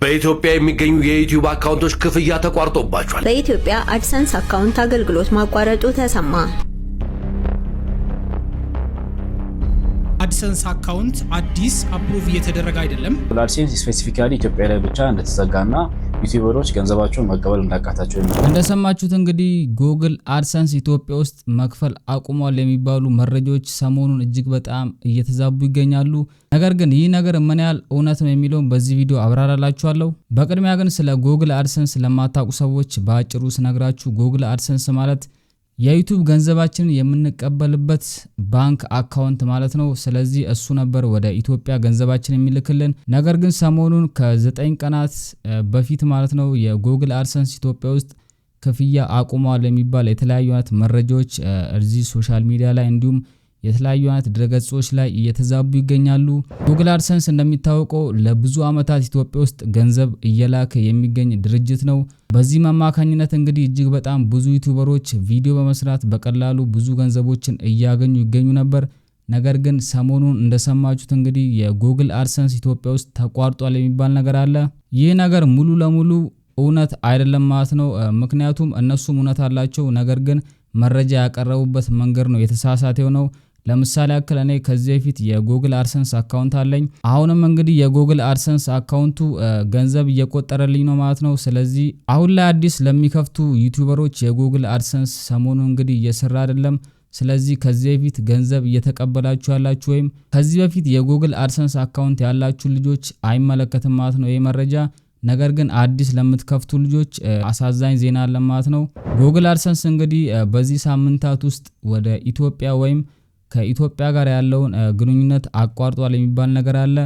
በኢትዮጵያ የሚገኙ የዩቲዩብ አካውንቶች ክፍያ ተቋርጦባቸዋል። በኢትዮጵያ አድሰንስ አካውንት አገልግሎት ማቋረጡ ተሰማ። አድሰንስ አካውንት አዲስ አፕሩቭ እየተደረገ አይደለም። አድሴንስ ስፔሲፊካሊ ኢትዮጵያ ላይ ብቻ እንደተዘጋና ዩቲዩበሮች ገንዘባቸውን መቀበል እንዳቃታቸው እንደሰማችሁት እንግዲህ ጉግል አድሰንስ ኢትዮጵያ ውስጥ መክፈል አቁሟል የሚባሉ መረጃዎች ሰሞኑን እጅግ በጣም እየተዛቡ ይገኛሉ። ነገር ግን ይህ ነገር ምን ያህል እውነት ነው የሚለውን በዚህ ቪዲዮ አብራራላችኋለሁ። በቅድሚያ ግን ስለ ጉግል አድሰንስ ለማታውቁ ሰዎች በአጭሩ ስነግራችሁ ጉግል አድሰንስ ማለት የዩቱብ ገንዘባችንን የምንቀበልበት ባንክ አካውንት ማለት ነው። ስለዚህ እሱ ነበር ወደ ኢትዮጵያ ገንዘባችን የሚልክልን። ነገር ግን ሰሞኑን ከዘጠኝ ቀናት በፊት ማለት ነው የጉግል አድሰንስ ኢትዮጵያ ውስጥ ክፍያ አቁሟል የሚባል የተለያዩ አይነት መረጃዎች እዚህ ሶሻል ሚዲያ ላይ እንዲሁም የተለያዩ አይነት ድረገጾች ላይ እየተዛቡ ይገኛሉ። ጉግል አድሰንስ እንደሚታወቀው ለብዙ ዓመታት ኢትዮጵያ ውስጥ ገንዘብ እየላከ የሚገኝ ድርጅት ነው። በዚህም አማካኝነት እንግዲህ እጅግ በጣም ብዙ ዩቱበሮች ቪዲዮ በመስራት በቀላሉ ብዙ ገንዘቦችን እያገኙ ይገኙ ነበር። ነገር ግን ሰሞኑን እንደሰማችሁት እንግዲህ የጉግል አድሰንስ ኢትዮጵያ ውስጥ ተቋርጧል የሚባል ነገር አለ። ይህ ነገር ሙሉ ለሙሉ እውነት አይደለም ማለት ነው። ምክንያቱም እነሱም እውነት አላቸው፣ ነገር ግን መረጃ ያቀረቡበት መንገድ ነው የተሳሳተው ነው። ለምሳሌ ያክል እኔ ከዚህ በፊት የጉግል አድሰንስ አካውንት አለኝ። አሁንም እንግዲህ የጉግል አድሰንስ አካውንቱ ገንዘብ እየቆጠረልኝ ነው ማለት ነው። ስለዚህ አሁን ላይ አዲስ ለሚከፍቱ ዩቲዩበሮች የጉግል አድሰንስ ሰሞኑ እንግዲህ እየሰራ አይደለም። ስለዚህ ከዚህ በፊት ገንዘብ እየተቀበላችሁ ያላችሁ ወይም ከዚህ በፊት የጉግል አድሰንስ አካውንት ያላችሁ ልጆች አይመለከትም ማለት ነው ይህ መረጃ። ነገር ግን አዲስ ለምትከፍቱ ልጆች አሳዛኝ ዜና አለ ማለት ነው። ጉግል አድሰንስ እንግዲህ በዚህ ሳምንታት ውስጥ ወደ ኢትዮጵያ ወይም ከኢትዮጵያ ጋር ያለውን ግንኙነት አቋርጧል የሚባል ነገር አለ።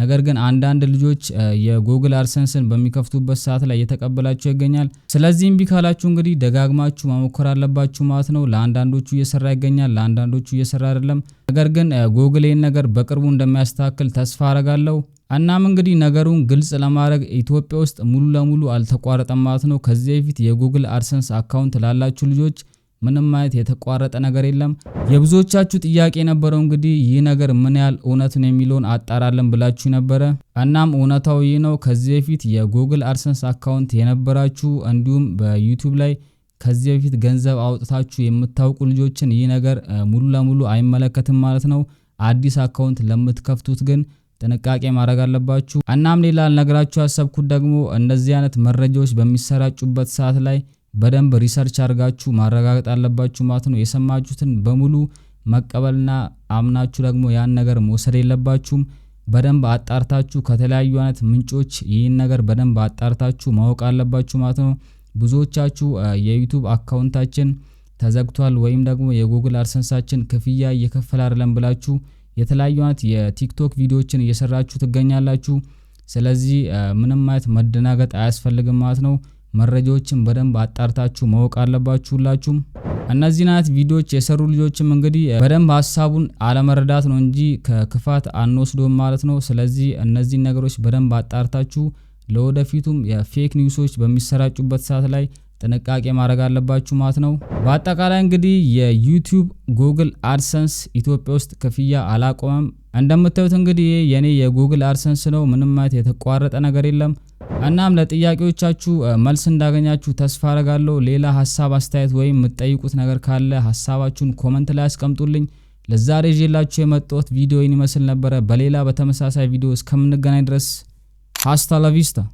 ነገር ግን አንዳንድ ልጆች የጉግል አድሰንስን በሚከፍቱበት ሰዓት ላይ እየተቀበላቸው ይገኛል። ስለዚህም ቢካላችሁ እንግዲህ ደጋግማችሁ መሞከር አለባችሁ ማለት ነው። ለአንዳንዶቹ እየሰራ ይገኛል፣ ለአንዳንዶቹ እየሰራ አይደለም። ነገር ግን ጉግል ይህን ነገር በቅርቡ እንደሚያስተካክል ተስፋ አረጋለሁ። እናም እንግዲህ ነገሩን ግልጽ ለማድረግ ኢትዮጵያ ውስጥ ሙሉ ለሙሉ አልተቋረጠም ማለት ነው። ከዚህ በፊት የጉግል አድሰንስ አካውንት ላላችሁ ልጆች ምንም አይነት የተቋረጠ ነገር የለም። የብዙዎቻችሁ ጥያቄ የነበረው እንግዲህ ይህ ነገር ምን ያህል እውነት ነው የሚለውን አጣራለን ብላችሁ ነበረ። እናም እውነታው ይህ ነው። ከዚህ በፊት የጉግል አድሰንስ አካውንት የነበራችሁ እንዲሁም በዩቲዩብ ላይ ከዚህ በፊት ገንዘብ አውጥታችሁ የምታውቁ ልጆችን ይህ ነገር ሙሉ ለሙሉ አይመለከትም ማለት ነው። አዲስ አካውንት ለምትከፍቱት ግን ጥንቃቄ ማድረግ አለባችሁ። እናም ሌላ ልነግራችሁ ያሰብኩት ደግሞ እንደዚህ አይነት መረጃዎች በሚሰራጩበት ሰዓት ላይ በደንብ ሪሰርች አድርጋችሁ ማረጋገጥ አለባችሁ ማለት ነው። የሰማችሁትን በሙሉ መቀበልና አምናችሁ ደግሞ ያን ነገር መውሰድ የለባችሁም። በደንብ አጣርታችሁ ከተለያዩ አይነት ምንጮች ይህን ነገር በደንብ አጣርታችሁ ማወቅ አለባችሁ ማለት ነው። ብዙዎቻችሁ የዩቱብ አካውንታችን ተዘግቷል ወይም ደግሞ የጉግል አድሰንሳችን ክፍያ እየከፈለ አይደለም ብላችሁ የተለያዩ አይነት የቲክቶክ ቪዲዮዎችን እየሰራችሁ ትገኛላችሁ። ስለዚህ ምንም አይነት መደናገጥ አያስፈልግም ማለት ነው። መረጃዎችን በደንብ አጣርታችሁ ማወቅ አለባችሁ ሁላችሁም። እነዚህ ናት ቪዲዮዎች የሰሩ ልጆችም እንግዲህ በደንብ ሀሳቡን አለመረዳት ነው እንጂ ከክፋት አንወስዶም ማለት ነው። ስለዚህ እነዚህን ነገሮች በደንብ አጣርታችሁ ለወደፊቱም የፌክ ኒውሶች በሚሰራጩበት ሰዓት ላይ ጥንቃቄ ማድረግ አለባችሁ ማለት ነው። በአጠቃላይ እንግዲህ የዩቲዩብ ጉግል አድሰንስ ኢትዮጵያ ውስጥ ክፍያ አላቆመም። እንደምታዩት እንግዲህ የኔ የጉግል አድሰንስ ነው። ምንም አይነት የተቋረጠ ነገር የለም። እናም ለጥያቄዎቻችሁ መልስ እንዳገኛችሁ ተስፋ አረጋለሁ። ሌላ ሀሳብ አስተያየት፣ ወይም የምትጠይቁት ነገር ካለ ሀሳባችሁን ኮመንት ላይ አስቀምጡልኝ። ለዛሬ ይዤላችሁ የመጣሁት ቪዲዮ ይመስል ነበረ። በሌላ በተመሳሳይ ቪዲዮ እስከምንገናኝ ድረስ ሀስታ ለቪስታ